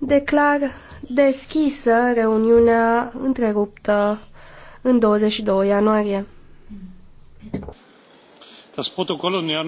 Declar deschisă reuniunea întreruptă în 22 ianuarie.